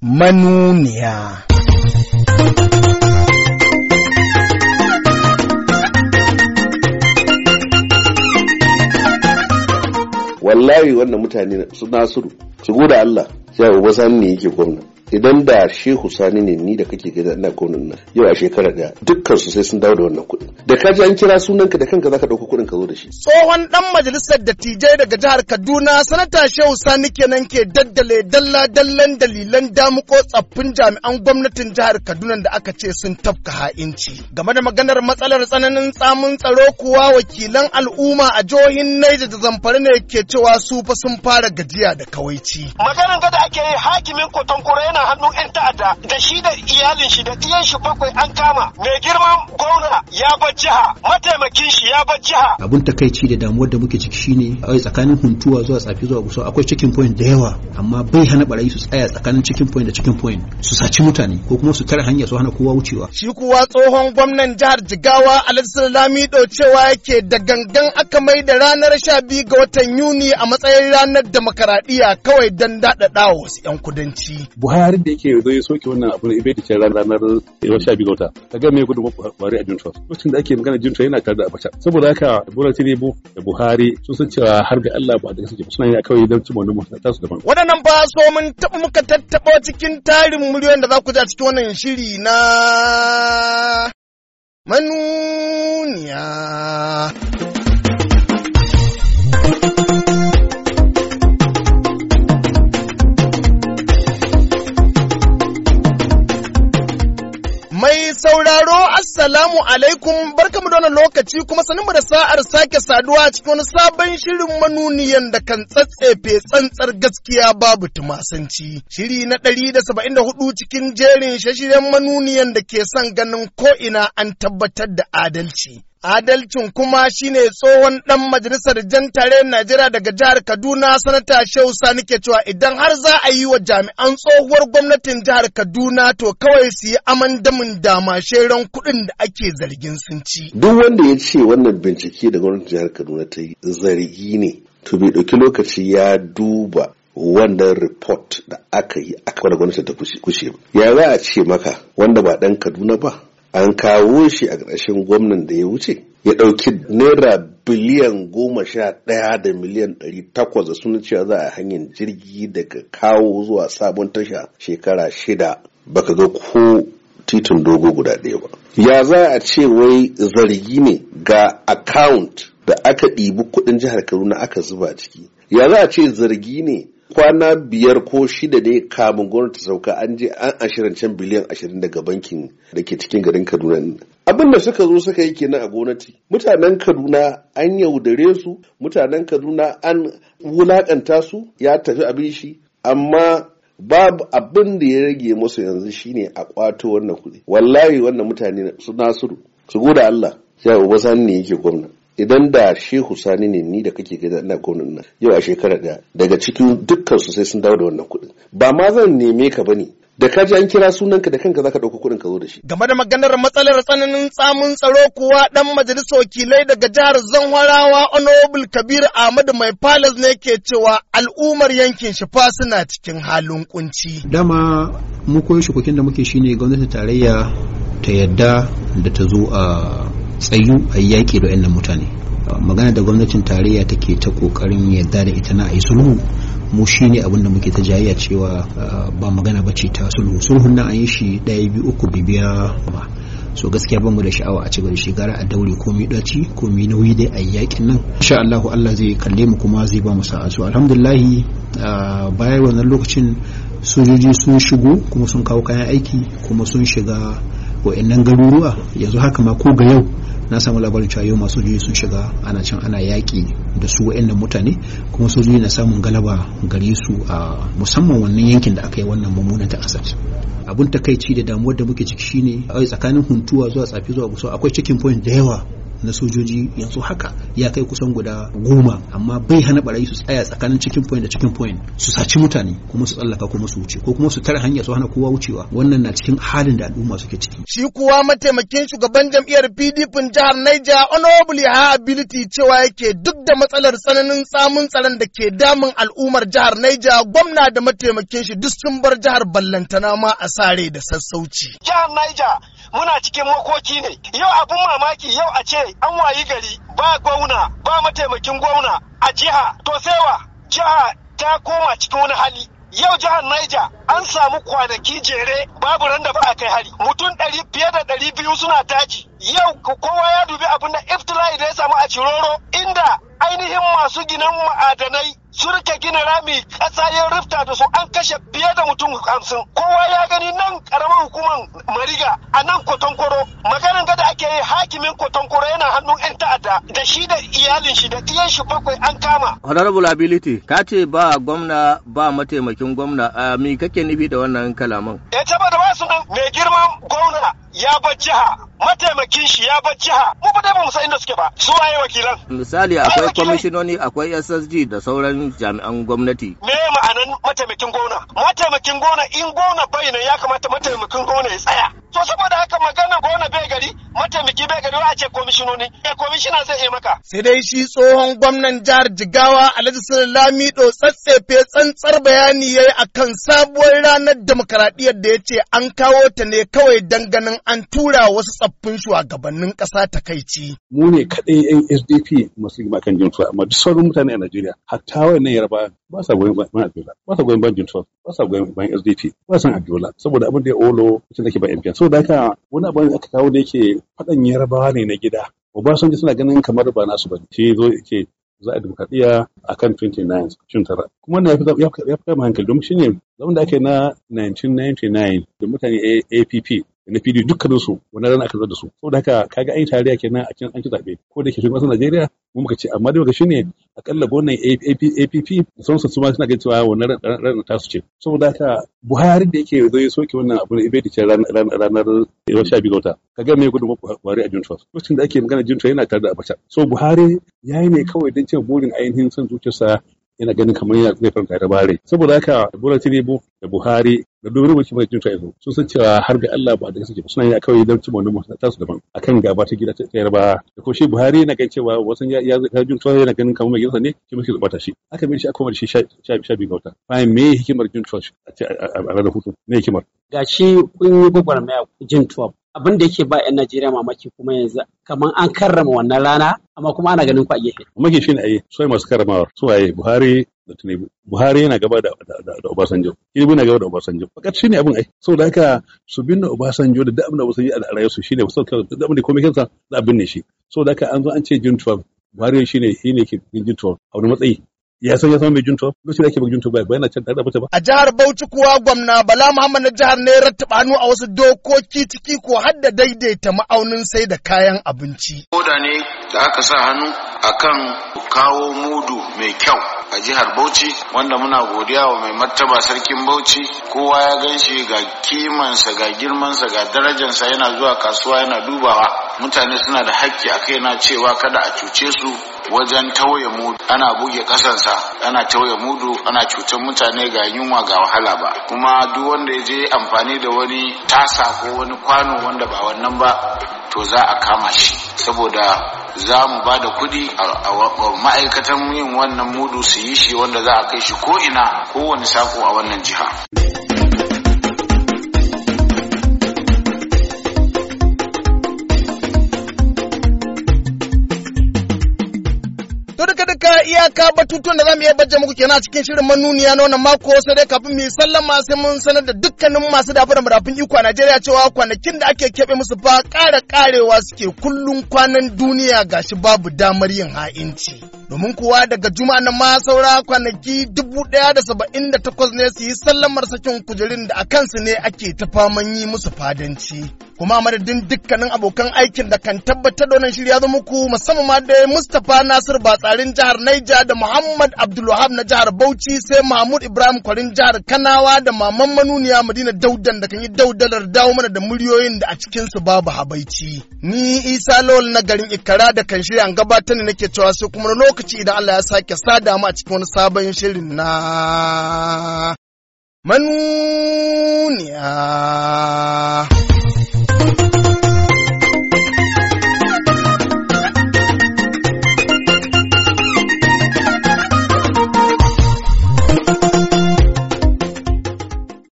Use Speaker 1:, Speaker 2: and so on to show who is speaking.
Speaker 1: manuniya.
Speaker 2: Wallahi wannan mutane su Nasiru, shigo da Allah, sai Uba Sani ne yake gwamna. Idan da Shehu Sani ne ni da kake gida ina gwamnan nan yau a shekara daya dukkan su sai sun dawo da wannan kuɗi. da ka ji an kira sunanka da kanka zaka dauko kudin ka zo da shi
Speaker 1: tsohon dan majalisar dattijai daga jihar Kaduna sanata Shehu Sani kenan ke daddale dalla dallan dalilan damuko tsaffin jami'an gwamnatin jihar Kaduna da aka ce sun tafka ha'inci game da maganar matsalar tsananin tsamin tsaro kuwa wakilan al'umma a jihohin Niger da Zamfara ne ke cewa su fa sun fara gajiya da kawaici
Speaker 3: maganar da ake yi hakimin kotonkura yana hannun 'yan ta'adda da shi da iyalin shi da ɗiyan shi bakwai an kama
Speaker 4: mai girman gwamna ya bai bar jiha mataimakin shi ya bar jiha abun takaici da damuwar da muke ciki shine a tsakanin huntuwa zuwa tsafi zuwa gusa akwai chicken point da yawa amma bai hana barayi su tsaya tsakanin chicken point da chicken point su saci mutane ko kuma su tare hanya su hana kowa wucewa shi kuwa tsohon gwamnan jihar
Speaker 1: Jigawa Alhassan Lamido cewa yake da gangan aka mai da ranar 12 ga watan Yuni a matsayin ranar demokaradiyya kawai dan dadada wasu yan kudanci Buhari
Speaker 5: da yake zo ya soke wannan abu ne bai da ranar 12 ga wata kaga me gudu kwari a Juntos da ake magana junta yana tare da abacha saboda haka bola tinubu da buhari sun san cewa har ga allah ba da suke suna yana kawai don cimma wani ta su daban
Speaker 1: waɗannan ba so mun taɓa muka tattaɓa cikin tarin miliyoyin da za ku ji a cikin wannan shiri na Assalamu alaikum barkamu da wannan lokaci kuma sanin da sa'ar sake saduwa cikin wani sabon shirin manuniyan da kan tsatsefe tsantsar gaskiya babu tumasanci. Shiri na ɗari da saba'in da hudu cikin jerin shashiren manuniyan da ke son ganin ko'ina an tabbatar da adalci. Adalcin kuma shine tsohon ɗan majalisar jan tare Najeriya daga jihar Kaduna sanata Shehu Sani ke cewa idan har za a yi wa jami'an tsohuwar gwamnatin jihar Kaduna to kawai su yi aman damin damashe ran kuɗin da ake zargin
Speaker 3: sun ci.
Speaker 2: Duk wanda ya ce wannan bincike da gwamnatin jihar Kaduna ta yi zargi ne to bai ɗauki lokaci ya duba wannan report da aka yi aka wani gwamnati ta kushe ba? ya za a ce maka wanda ba ɗan kaduna ba an kawo shi a ƙarshen gwamnan da ya wuce ya ɗauki naira biliyan goma sha ɗaya da miliyan ɗari takwas da suna cewa za a hanyar jirgi daga kawo zuwa sabon tasha shekara shida baka ga ko titin dogo guda ɗaya ba ya za a ce wai zargi ne ga account da aka ɗibi kuɗin jihar kaduna aka zuba ciki ya za a ce zargi ne kwana biyar ko shida ne kamun gwamnati sauka an je an ashirancen biliyan ashirin daga bankin da ke cikin garin kaduna abin da suka zo suka yi kenan a gwamnati mutanen kaduna an yaudare su mutanen kaduna an wulakanta su ya tafi abin shi amma babu abin da ya rage musu yanzu shine a kwato wannan kuɗi wallahi wannan mutane su nasiru su goda allah ya uba sani ne yake gwamna idan da shehu sani ne ni da kake gida ina gonan nan yau a shekara daya daga cikin dukkan su sai sun dawo da wannan kuɗin ba ma zan neme ka bane da ka ji an kira sunanka da kanka zaka ɗauki kuɗin ka zo da shi.
Speaker 1: Game da maganar matsalar tsananin tsamin tsaro kuwa ɗan majalisar wakilai daga jihar Zanwarawa Honorable Kabir Ahmad Mai Palace ne ke cewa al'ummar yankin shi fa suna cikin halin kunci.
Speaker 4: Dama mu koyi shukokin da muke shine gwamnatin tarayya ta yadda da ta zo a tsayu a yaƙi da wayannan mutane magana da gwamnatin tarayya take ta kokarin yadda da ita na a yi sulhu mu shi ne abin da muke ta jayayya cewa ba magana ba ce ta sulhu sulhu na an yi shi ɗaya biyu uku biya. ba so gaskiya ban mu da sha'awa a ci gaba da shigara a daure ko komi daci mi nauyi dai a yaƙin nan insha Allah Allah zai kalle mu kuma zai ba mu sa'a so alhamdulillah bayan wannan lokacin sojoji sun shigo kuma sun kawo kayan aiki kuma sun shiga wa'annan garuruwa yanzu haka ma ko ga yau na samu labarin cewa yau masu sojoji sun shiga ana can ana yaƙi da su wa'annan mutane kuma sojoji na samun galaba gare su a musamman wannan yankin da aka yi wannan mummunan ta'asar abun takaici da damuwar da muke ciki shine a tsakanin huntuwa zuwa tsafi zuwa gusa akwai cikin point da yawa na sojoji yanzu haka ya kai kusan guda goma amma bai hana barayi su tsaya tsakanin cikin point da cikin point su saci mutane kuma su tsallaka kuma su wuce ko kuma su tare hanya su hana kowa wucewa wannan na cikin halin da al'umma suke ciki shi kuwa mataimakin shugaban jam'iyyar
Speaker 1: PDP jihar Niger honorable ha ability cewa yake duk da matsalar tsananin samun tsaron da ke damun al'ummar jihar Niger gwamna da mataimakin shi duk sun bar jihar Ballantana ma a sare da sassauci
Speaker 3: jihar Niger muna cikin makoki ne yau abin mamaki yau a ce an wayi gari ba gwauna ba mataimakin gwauna a jiha to sewa jiha ta koma cikin wani hali yau jihar Niger an samu kwanaki jere babu ran da ba a kai hari mutum ɗari fiye da ɗari biyu suna daji yau kowa ya dubi abin da iftila'i da ya samu a ciroro inda ainihin masu ginin ma'adanai su rike gina rami ƙasa ya rufta da su an kashe fiye da mutum hamsin kowa ya gani nan ƙaramin hukumar mariga a nan kotonkoro maganin gada ake yi hakimin kotonkoro yana hannun 'yan ta'adda da shi da iyalin shi da tiyan shi bakwai an kama. honorable
Speaker 1: ability ka ce ba gwamna ba mataimakin gwamna a mi kake nufi da wannan kalaman.
Speaker 3: ya eh, da ba da wasu mai girman gwamna ya bar jiha mataimakin shi ya bar jiha mu ba dai ba mu san inda suke ba su waye wakilan
Speaker 1: misali akwai kwamishinoni akwai SSG da sauran jami'an gwamnati me
Speaker 3: ma'anan mataimakin gona mataimakin gona in gona bayyana ya kamata mataimakin gona ya tsaya to saboda haka magana gona bai gari mataimaki bai gari a ce komishinoni eh komishina zai yi maka
Speaker 1: sai dai shi tsohon gwamnan jihar Jigawa Alhaji Sulami do tsatsefe tsantsar bayani yayi akan sabuwar ranar demokaradiyyar da yace an kawo ta ne kawai danganin an tura wasu tsaffin shugabannin ƙasa takaici
Speaker 5: mu ne kadai yan SDP musulma kan jin amma duk sauran mutane a Najeriya hatta ne yarba ba sa goyon ban Abdullah ba sa goyon ban Jintol ba sa goyon ban SDP ba san Abdullah saboda abin da ya olo shi nake ke ba MPN so da haka wani abu da aka kawo da yake faɗan yarbawa ne na gida obasanjo suna ganin kamar ba nasu ba ce zo yake za a demokradiyya a kan 29 shin tara kuma na ya fi kama hankali domin shine zaman da ake na 1999 da mutane app na pdp dukkaninsu wani rana aka zo da su da haka kaga ainihin yi tarayya kenan a cikin an ci zaɓe ko da ke shugaban Najeriya mu muka ce amma dai shi ne akalla gwamnan APP sun su suma suna ganin cewa wannan ranar su ce saboda haka
Speaker 4: Buhari da yake
Speaker 5: zai soke wannan abu ne bai ce ranar ranar sha biyu gauta, ka ga me gudun Buhari a June 1 lokacin da ake magana June 1 yana tare da Abacha so Buhari yayi ne kawai don cewa burin ainihin son zuciyarsa yana ganin kamar yana zai fanka da bare saboda haka Buhari Tinubu da Buhari da duk rubuci mai jin yanzu sun san cewa har da Allah ba da ba suna yi kawai don cin wannan masu tasu daban akan gaba ta gida ta yarba da ko shi Buhari yana ganin cewa wasan ya ya jin tsoro yana ganin kamar mai gidansa ne shi muke zubata shi aka bin shi aka kuma shi sha biyu ga wata fa me hikimar jin tuwa a ranar hutu me hikimar
Speaker 4: ga shi kun yi mai jin tsoro abin da yake ba 'yan Najeriya mamaki kuma yanzu kamar an karrama wannan rana amma kuma ana ganin ku a gefe.
Speaker 5: Mamaki shine ai ayi, masu karramawa, suwaye Buhari da Tinubu Buhari yana gaba da da Obasanjo Tinubu yana gaba da Obasanjo fakat abin ai haka su binne Obasanjo da da Obasanjo a rayuwar su shine su da da komai kansa da abin ne shi haka an zo an ce June 12 Buhari shine shine ke June 12 a wani matsayi ya san ya san mai junto lokacin da ake mai junto ba yana can tare da ba
Speaker 1: a jihar Bauchi kuwa gwamna Bala Muhammad na jihar ne rattaba hannu a wasu dokoki ciki ko har da daidaita ma'aunin sai da kayan abinci
Speaker 4: koda ne da aka sa hannu a kan kawo mudu mai kyau a jihar Bauchi wanda muna godiya wa mai martaba sarkin Bauchi kowa ya ganshi shi ga kimansa ga girmansa ga darajansa yana zuwa kasuwa yana dubawa mutane suna da hakki a kai na cewa kada a cuce su wajen tauye mudu ana buge kasansa ana tauye mudu ana cutar mutane ga yunwa ga wahala ba kuma duk wanda ya je amfani da wani tasa ko wani kwano wanda ba wannan ba to za a kama shi saboda za mu ba da kuɗi a ma'aikatan yin wannan mudu su yi shi wanda za a kai shi ko ina kowane sako a wannan jiha.
Speaker 1: iyaka batutuwan da za mu iya bajje muku kenan a cikin shirin manuniya na wannan mako sai dai kafin mu sallama sai mun sanar da dukkanin masu dafa da murafin iko a Najeriya cewa kwanakin da ake keɓe musu ba ƙara ƙarewa suke kullun kwanan duniya gashi babu damar yin ha'inci. Domin kuwa daga juma na ma saura kwanaki dubu ɗaya da saba'in da takwas ne su yi sallamar sakin kujerun da a kansu ne ake ta faman yi musu fadanci. kuma madadin dukkanin abokan aikin da kan tabbatar da wannan shirya zo muku musamman da Mustapha Nasir Batsarin jihar Naija da Muhammad Abdulwahab na jihar Bauchi sai Mahmud Ibrahim Kwarin jihar Kanawa da Maman Manuniya Madina Daudan da kan yi daudalar dawo mana da muryoyin da a cikin su babu habaici. Ni Isa Lawal na garin Ikara da kan shirya an gabatar ne nake cewa sai kuma lokaci idan Allah ya sake sada mu a cikin wani sabon shirin na manuniya.